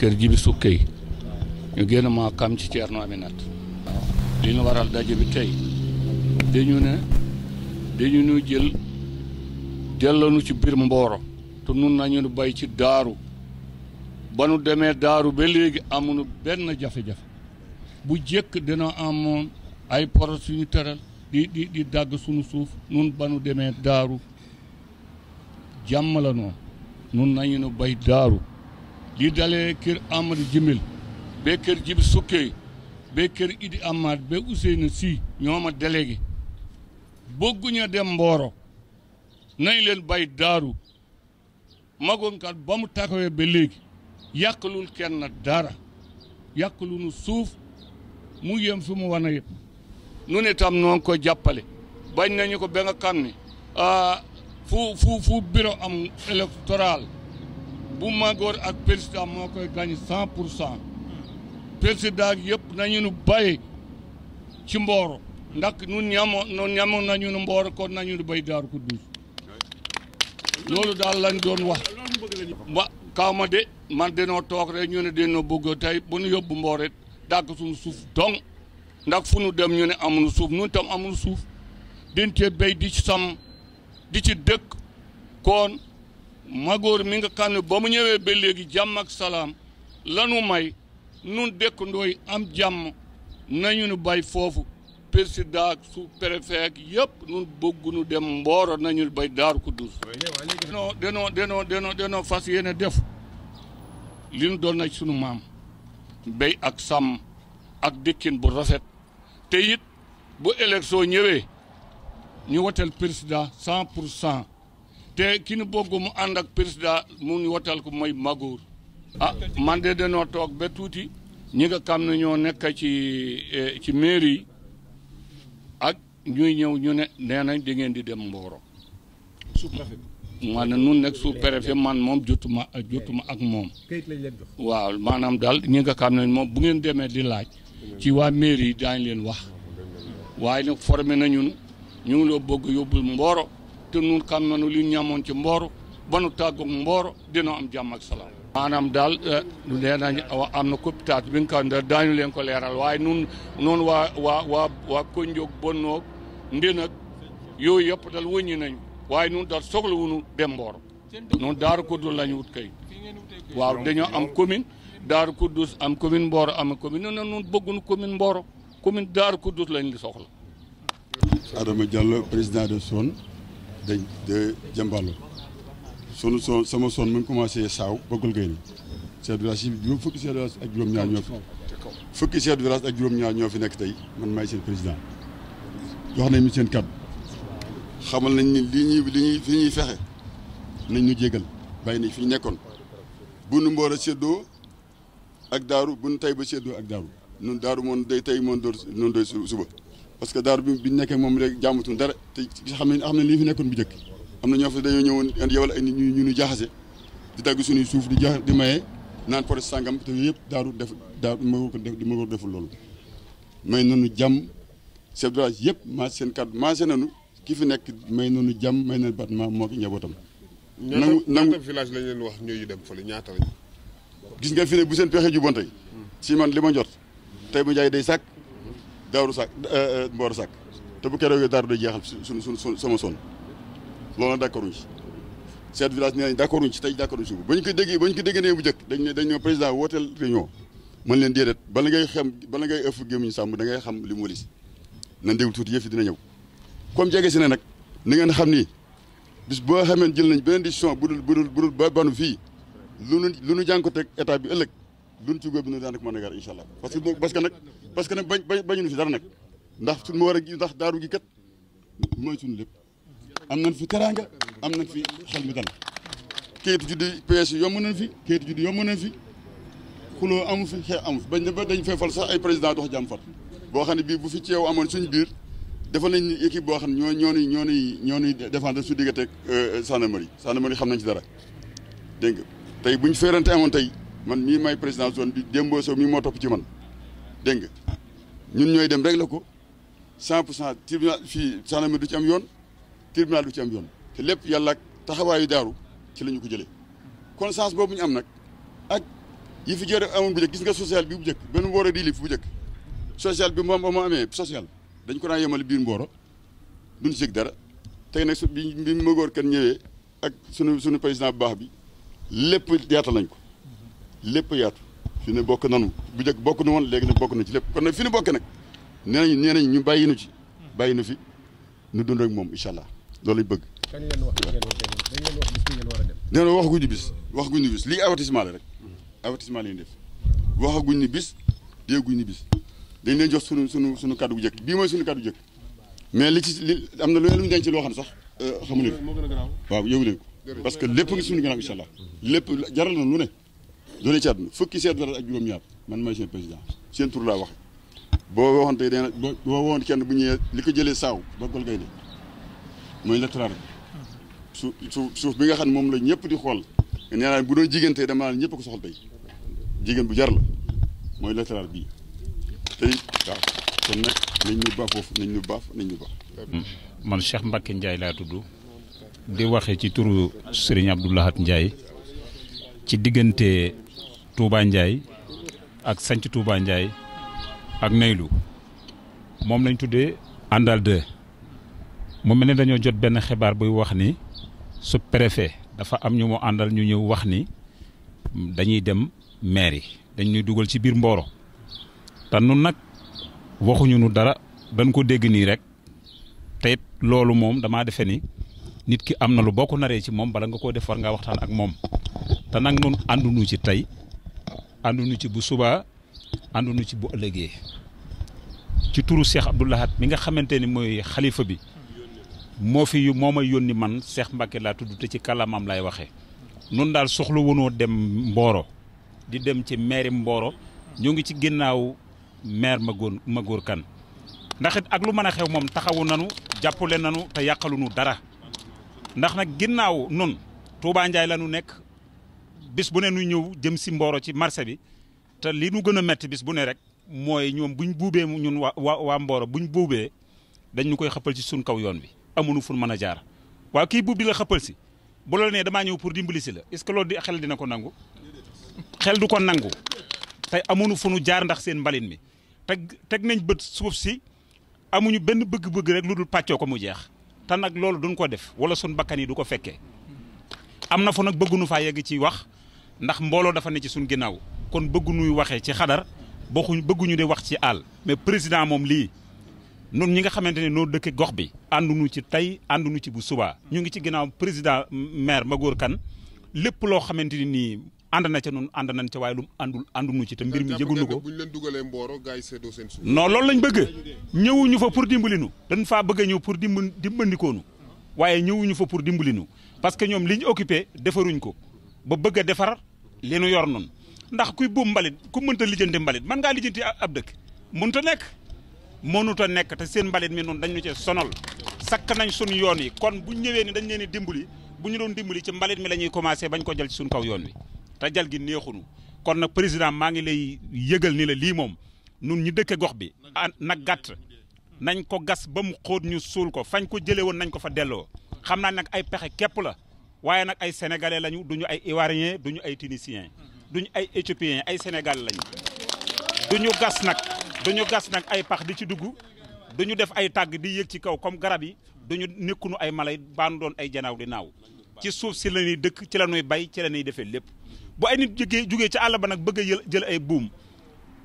kër ji bi sukkey ñu génn maa kam ci Thierno Aminat li ñu waral daje bi tey dañu ne dañu ñu jël dellanu ci biir Mboro te nun nañu bay ci daaru ba nu demee daaru ba léegi amuñu benn jafe-jafe bu jëkk dina amoon ay poros suñu tëral di di di dagg suñu suuf nun ba nu demee daaru jàmm la noonu nun nañu nu bay daaru li dalee kër Amadou Djimil ba kër Jibi Sukkey ba kër Idi Amad ba Ousseynou Sy ñoo ma délégué bëgguñu dem Mboro nañ leen bay daaru magoonkat ba mu taxawee ba léegi yàqalul kenn dara yàqalunu suuf mu yem sumu wan a yëpp nu ne ko jàppale bañ nañu ko ba nga xam ne ah, fu fu fu bureau am électoral bu Magor ak président moo koy gañ cent pour cent président yëpp nañu nu bàyyi ci Mboro ndax nun ñamoo nun ñamoon nañu nu Mboro kon nañu nu béy Daaru Kuddus loolu daal lañ doon wax wa kaw de man denoo toog rek ñu ne denoo bëgg tey bu nu yóbbu Mboro it suñu suuf dong ndax fu nu dem ñu ne amuñu suuf nun tam amuñu suuf dintee béy di ci sàmm di ci dëkk kon magóor mi nga xam ne ba mu ñëwee ba léegi jàmm ak salaam lanu may nun dëkkandooy am jàmm nañu nu bay foofu président ak sous préfet ak yëpp nun bëggunu dem mbooro nañu bay daaru ko dus denoo denoo denoo denoo fas yéene def li nu doon na sunu maam mbéy ak samm ak dëkkin bu rafet te it bu élection ñëwee ñu woteel président cent pour cent te ki nu bëgg mu ànd ak président mu ñu wotal ko mooy Maguur. a ah, man de danoo toog ba tuuti ñi nga xam ne ñoo nekk ci eh, ci mairie yi ak ñuy ñëw ñu ne nee nañ da ngeen di dem Mboro. sous-préfet maanaam nun nekk sous-préfet man moom jotuma jotuma ak moom. kayit lañ waaw maanaam daal ñi nga xam ne moom bu ngeen demee di laaj. ci waa mairie yi daañu leen wax. waaye nag formé nañu ñu ngi loo bëgg yóbbul Mboro. te nun xam nañu li ñamoon ci Mboro ba nu tàggoog Mboro dina am jàmm ak salaam. maanaam daal eh, nee nañ am na coppitaat bi nga xam ne daañu leen ko leeral waaye nun noon waa waa waa waa Kondiog Bonnoog Ndenag yooyu yëpp dal wëññi nañ waaye nun daal soxla wuñu dem Mboro noonu Daaru Kuddus lañu wut kay waaw dañoo am commune ko Kuddus am commune Mboro am commune nee na nun bëgguñu commune Mboro daar Daaru Kuddus lañ li soxla président de de de Jëmballo sunu son sama son mu ngi commencé saaw bëggul gay ni chef yi fukki chef de village ak juróom-ñaar ñoo fi fukki chef de village ak ñoo fi nekk tey man maay seen président jox nañ ñu seen kàddu ni li ñuy li ñuy fi ñuy fexe nañ ñu jégal bàyyi nañ fi ñu nekkoon bu nu mboor a séddoo ak daaru bu tey ba séddoo ak daaru nun daaru moom day tey moon door noonu suba parce que daaru bi biñu nekkee moom rek jàmmatul dara te xam ne lii fi nekkoon bu njëkk am na ñoo fa dañoo ñëwoon indi yow la ay nit ñu ñu ñu jaxase di dagg suñuy suuf di jax di maye naan projet sàngam te yëpp daaru def daaru ma ko def ma ko deful loolu may nanu jàmm chef de village yëpp maa seen kàddu maa seen nanu ki fi nekk may noonu jàmm may nanu bat ma moo ki njabootam nangu nangu village lañ leen wax ñooyu dem fële ñaata lañ gis nga fi ne bu seen pexe ju tey hmm. si man li ma njot tey ma jaay day sàkk daaru sàkk eh, eh, mbooru sàkk te bu keroog daaru day jeexal suñu suñu sama son loolu nag d'accorduñ ci chef village nee nañ d'accorduñ ci tey d'accorduñ ci ba ñu ko déggee ba ñu ko déggee nee bu njëkk dañ ne dañ ne président wooteel réunion mën leen déedéet bala ngay xem bala ngay ëff gémmiñ sàmm da ngay xam li mu walis nan déglu tuuti yëf yi dina ñëw comme jege si ne nag ni ngeen xam ni bis boo xameen jël nañ beneen décision bu dul bu dul ba banu fii lu nu lu nu jànkuwanteeg état bi ëllëg luñ ci góob dina daanaka mën a gar incha allah parce que parce que nag parce que nag bañ bañ bañu fi dara nag ndax suñu war a gi kat mooy suñu lépp am na fi teraanga am na fi xel mi dal kayitu juddi PS yomb na fi kayitu juddi yomb na fi xuloo amu fi xeex amu fi bañ ne ba dañ fee fal sax ay président dox jàmm fat boo xam ne bii bu fi ceew amoon suñu biir defal nañ équipe boo xam ne ñoo ñoo ñuy ñoo ñuy ñoo ñuy défendre su diggante euh, ak gendarmerie gendarmerie xam nañ ci dara dégg nga tey buñ feerante amoon tey man mii may président zone bi Demba Sow mii moo topp ci man dégg nga ñun ñooy dem rek la ko cent pour cent tribunal fii sanami du ci am yoon tribunal du ci am yoon te lépp yàlla taxawaayu daaru ci lañu ko jëlee conscience boobu ñu am nag ak yi fi jëre amoon bu njëkk gis nga social bi bu njëkk benn mbooro di lif bu njëkk social bi moom moo amee sociale dañ ko daan yemale biir mbooro duñ si yëg dara tey nag su bi bi magóor kan ñëwee ak sunu sunu président bu baax bi lépp yaatal nañ ko lépp yaatu fi ne bokk nanu bu njëkk bokk nu woon léegi nag bokk na ci lépp kon nag fi nu bokk nag nee nañ ñu bàyyi nu ci bàyyi nu fi nu dund ak moom incha allah loolu lañ bëgg. kañ ngeen wax ngeen wax bis bi ngeen war a dem. nee na waxaguñ ni bis waxaguñ bis lii avertissement la rek avertissement la ñuy def ni bis dégguñ ni bis dañ leen jox sunu sunu sunu kàddu gu njëkk bii mooy sunu kàddu gu njëkk mais li ci li na lu ñu denc loo xam sax euh, xamu leen waaw yëgu leen ko parce que lépp ngi sunu gànnaaw incha allah lépp jaral na lu ne lu ne fukki seet dara ak juróom-ñaar man maay seen président seen tur laa wax boo waxoon tey dana boo waxoon kenn bu ñëwee li ko jëlee saaw ba gol gaynde mooy lectrar su su suuf bi nga xam ne moom la ñëpp di xool nee bu doo jigéen tey dama naan ñëpp ko soxal tey jigéen bu jar la mooy lectrar bii tey waaw kon nag nañ ñu baax foofu nañ ñu baax nañ ñu baax man Cheikh Mbacke njaay laa tudd di waxe ci turu Serigne Abdou Lahat ci diggante Touba Ndiaye ak sanc Touba ak Naylu moom lañ tuddee àndal 2 mu mel ni dañoo jot benn xibaar buy wax ni su préfet dafa am ñu mu àndal ñu ñëw wax ni dañuy dem maire yi dañ dugal ci biir mbooro tan nun nag waxuñu nu dara dañ ko dégg nii rek te loolu moom damaa defe ni nit ki am na lu boo ko naree ci moom bala nga koo def war ngaa waxtaan ak moom te nag nun àndunu ci tey nu ci bu subaa ànduñu ci bu ëllëgee ci turu Cheikh Abdou Lahad mi nga xamante ni mooy xalifa bi moo fi moo may yónni man Cheikh Mbacke laa tudd te ci kàllaamaam laay waxee nun daal soxla wunoo dem Mboro di dem ci mairie Mboro ñoo ngi ci ginnaaw maire Magor Magor Kane ndax it ak lu mën a xew moom taxawu nanu jàppale nanu te yàqaluñu dara ndax nag ginnaaw nun Touba Ndiaye nekk bis bu ne nu ñëw jëm si mbooro ci marché bi te lii nu gën a metti bis bu ne rek mooy ñoom bu buñ buubee ñun waa waa mbooro Mboro buñ buubee dañ ñu koy xëppal ci suñ kaw yoon wi amuñu fu mën a jaar waaw kii buub di la xëppal si bu nee damaa ñëw pour dimbali si la est-ce que loolu xel dina ko nangu xel du ko nangu tey amuñu fu nu jaar ndax seen mbalin mi teg teg nañ bët suuf si amuñu benn bëgg-bëgg rek lu dul pàccoo ko mu jeex te nag loolu duñ ko def wala suñ bakkan yi du ko fekkee am na fu nag bëggunu faa yegg ci wax ndax mbooloo dafa ne ci suñ ginnaaw kon bëggu nuy waxee ci xadar bokkuñ bëgguñu di wax ci àll mais président moom lii noonu ñi nga xamante ne noo dëkkee gox bi àndunu ci tey àndunu ci bu subaa ñu ngi ci ginnaaw président maire Magor kan lépp loo xamante ni nii ànd na ca noonu ànd nañ ca waaye lu àndul àndunu ci te mbir mi yëgunu ko buñ leen dugalee mbooro gars yi seddoo seen suuf non lañ bëgg ñëwuñu fa pour dimbalinu danu faa bëgg ñëw pour dimb dimbandikoonu waaye ñëwuñu fa pour dimbalinu parce que ñoom li ñu occupé defaruñ ko ba bëgg a defar li nu yor nun ndax kuy buub mbalit ku mënta lijjanti mbalit man ngaa lijjanti ab dëkk mënta nekk mënuta nekk te seen mbalit mi noonu dañu cee sonal sakk nañ suñu yoon yi kon bu ñëwee ni dañ leen di dimbali bu ñu doon dimbali ci mbalit mi la ñuy commencé bañ ko jël ci suñu kaw yoon wi te jal gi neexunu kon nag président maa ngi lay yëgal ni la lii moom nun ñu dëkke gox bi nag gàtt nañ ko gas ba mu xóot ñu suul ko fañ ko jëlee woon nañ ko fa delloo xam naa nag ay pexe képp la waaye nag ay sénégalais lañu duñu ay du ñu ay du ñu ay éthiopien ay sénégal lañu duñu gas nag duñu gas nag ay pax di ci dugg duñu def ay tàgg di yëg ci kaw comme garab yi duñu nekkunu ay malay baanu doon ay janaaw di naaw ci suuf si la ñuy dëkk ci la ñuy bay ci la ñuy defee lépp bu ay nit jógee jógee ci àll ba nag bëgg a jël ay buum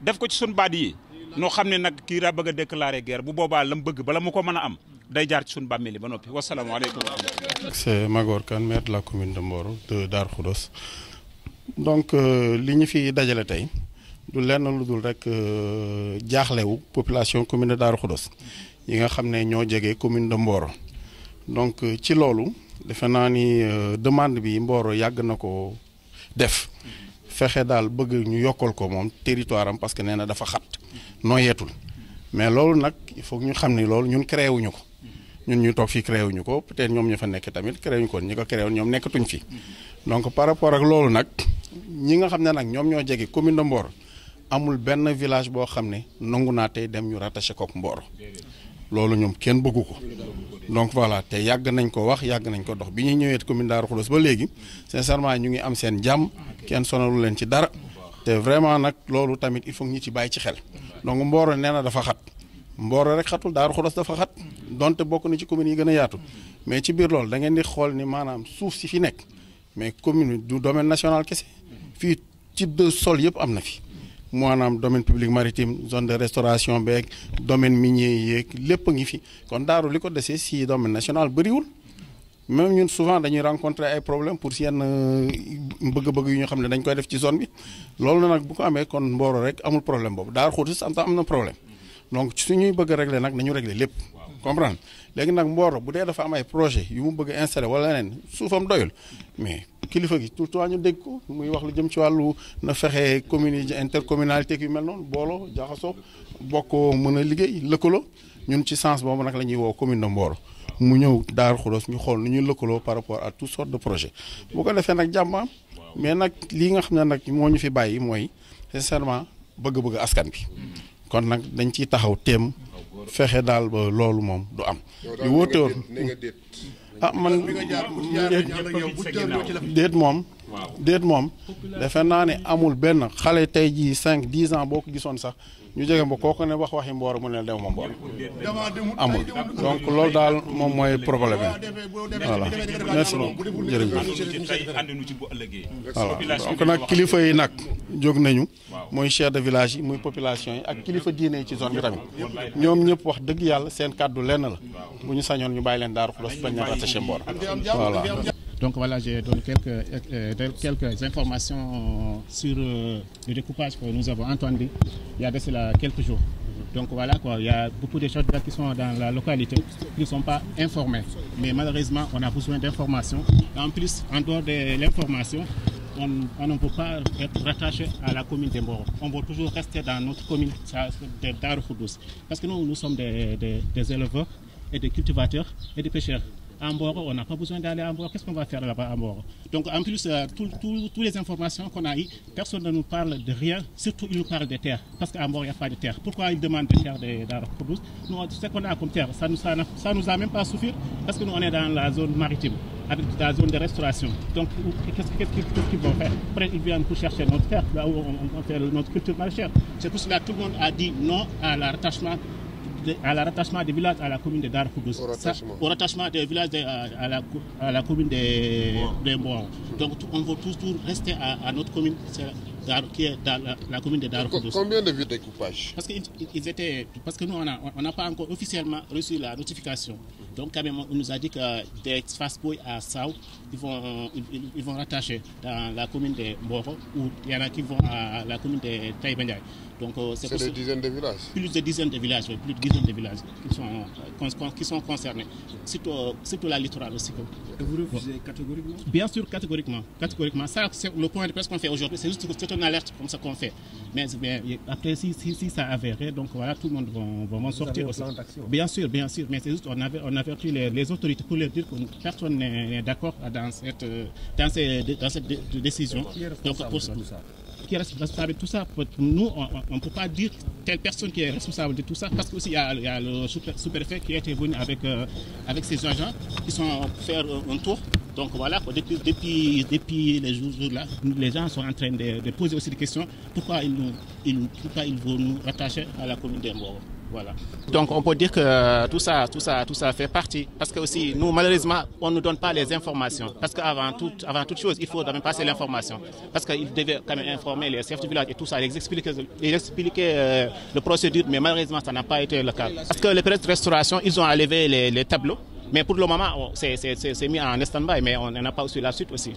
def ko ci sun baat yi noo xam ne nag kii daa bëgg a déclarer guerre bu boobaa la mu bëgg bala mu ko mën a am day jaar ci suñu bàmmeel yi ba noppi wasalaamaaleykum. c'est Magor Kane maire de la commune de Mboro de Darou Khoudoss donc euh, li ñu fi dajale tey du lenn lu dul rek euh, jaaxlewu population commune de Darou Khoudoss yi nga xam ne ñoo jege commune de Mboro donc euh, ci loolu defe naa ni demande bi mbooro yàgg na ko def. fexe daal bëgg ñu yokkal ko moom territoire am parce que nee na dafa xat nooyeetul mais loolu nag il faut ñu xam ni loolu ñun créé wuñu ko ñun ñu toog fii créé wuñu ko peut-être ñoom ñu fa nekk tamit créé wuñu ko ñu ko créé woon ñoom nekkatuñ fi donc par rapport ak loolu nag ñi nga xam ne nag ñoom ñoo jege commune de Mboro amul benn village boo xam ne nangu naa tey dem ñu rattaché kook Mboro loolu ñoom kenn bëggu ko donc voilà te yàgg nañ ko wax yàgg nañ ko dox bi ñuy ñëwee commune Darou Khoudoss ba léegi sincèrement ñu ngi am seen jàmm kenn sonalu leen ci dara te vraiment nag loolu tamit il faut ñu ci bàyyi ci xel donc Mboro nee na dafa xat Mboro rek xatul Darou Khoudoss dafa xat donte bokk na ci communes yi gën a yaatu mais ci biir loolu da ngeen di xool ni maanaam suuf si fi nekk mais commune du domaine national kese fii type de sol yëpp am na fi. maanaam domaine public maritime zone de restauration beeg domaine minier yeeg lépp a ngi fi kon daaru li ko desee si domaine national bëriwul même ñun souvent dañuy rencontrer ay problème pour si yenn euh, bëgg-bëgg yu ñu xam ne dañ koy def ci zone bi loolu nag bu ko amee kon Mboro rek amul problème boobu daar Daaru Xudoos am na problème donc suñuy bëgg regle nag nañu regle lépp. comprendre léegi nag Mboro bu dee dafa am ay projet yu mu bëgg a installé wala leneen suufam doyul mais kilifa gi tout le ñu dégg ko muy wax lu jëm ci wàllu na fexe communes yi intercommunalité yu mel noonu booloo jaxasoo bokkoo mën a liggéey lëkkaloo ñun ci sens boobu nag la ñuy woo commune de Mboro mu ñëw Daaru Xudoos suñu xool nu ñuy lëkkaloo par rapport à tout sortes de projet bu ko defee nag jàmmaam mais nag lii nga xam ne nag moo ñu fi bàyyi mooy sincèrement bëgg-bëgg askan bi kon nag dañ ciy taxaw téem fexe daal ba loolu moom du am. li wóote woon ah man déet moom. déet moom defe naa ne amul benn xale tey jii cinq dix ans boo ko gisoon sax ñu jege ba ko ne wax waxi mboor mu ne dew ma mboor amul donc loolu daal moom mooy problème yi voilà merci beaucoup jërëjëf voilà donc nag kilifa yi nag jóg nañu muy chef de village yi muy population yi ak kilifa diine yi ci zone bi tamit ñoom ñëpp wax dëgg yàlla seen kàddu lenn la bu ñu sañoon ñu bàyyi leen daaru xulos bañ na rattaché mboor voilà Donc voilà, je donne euh, euh, quelques, informations sur euh, le découpage que nous avons entendu il a de cela quelques jours. Donc voilà quoi, il y a beaucoup de choses qui sont dans la localité qui ne sont pas informés. Mais malheureusement, on a besoin d'informations. En plus, en dehors de l'information, on, ne peut pas être rattaché à la commune de Mboro. On veut toujours rester dans notre commune des éleveurs et des cultivateurs et des pêcheurs. à Mboro, n'a pas besoin d'aller à Mboro, qu'est-ce Donc en euh, les informations qu'on a eues, de rien, surtout ils nous parlent de terre, parce qu'à Mboro, il n'y a de terre. Pourquoi ils demandent de terre d'Arabes Nous, ce qu'on a comme terre, ça ne nous, a même pas souffert, parce que nous, on dans la zone maritime avec la zone de restauration. Donc, qu'est-ce qu'ils vont faire Après, ils viennent pour chercher notre terre, notre culture maraîchère. C'est pour cela tout a de, la rattachement des villages à la commune de Dar au, au rattachement, de, à, à, la, commune de Mbouan. Donc on veut toujours rester à, à notre commune qui est dans la, la commune de Dar Combien de vues découpage Parce qu'ils parce que nous a pas encore officiellement reçu la notification. Donc quand même on nous a dit que des fast boys à Sao ils vont rattacher dans la commune de Mboro ou il a qui vont à la commune de Taïbendiaï. Donc, euh, c'est des dizaines de villages. Plus de dizaines de villages, oui, plus de dizaines de villages qui sont, euh, concernés. Euh, surtout, la littorale aussi. Vous refusez catégoriquement catégoriquement. c'est le alerte comme ça qu'on fait. Mais, après, si, si, si donc voilà, tout le monde va, sortir aussi. Bien sûr, Mais c'est juste on avait les, autorités pour leur dire que personne n'est d'accord dans cette, décision. Donc, pour ça. qui est responsable de tout Nous, on peut pas dire telle personne qui est responsable de tout ça, parce qu'il y, a le sous-préfet qui est venu avec, euh, avec ses agents qui sont faire euh, un tour. Donc voilà, depuis, les jours, là, les gens sont en train de, poser aussi des questions. Pourquoi ils, nous, rattacher à la commune d'Embourg Voilà. Donc on peut dire que euh, tout ça, fait partie. Parce que nous, malheureusement, on ne donne pas les informations. Parce qu'avant il faut passer l'information. Parce qu'ils devaient quand même informer les chefs et les expliquer, euh, mais malheureusement, n'a pas été le cas. Parce que les périodes ils ont enlevé les, tableaux. Mais pour le moment, oh, c'est mis en stand mais on n'a pas aussi la suite aussi.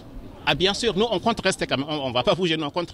Ah, bien sûr, nous, on compte rester quand même. On va pas bouger, nous, on compte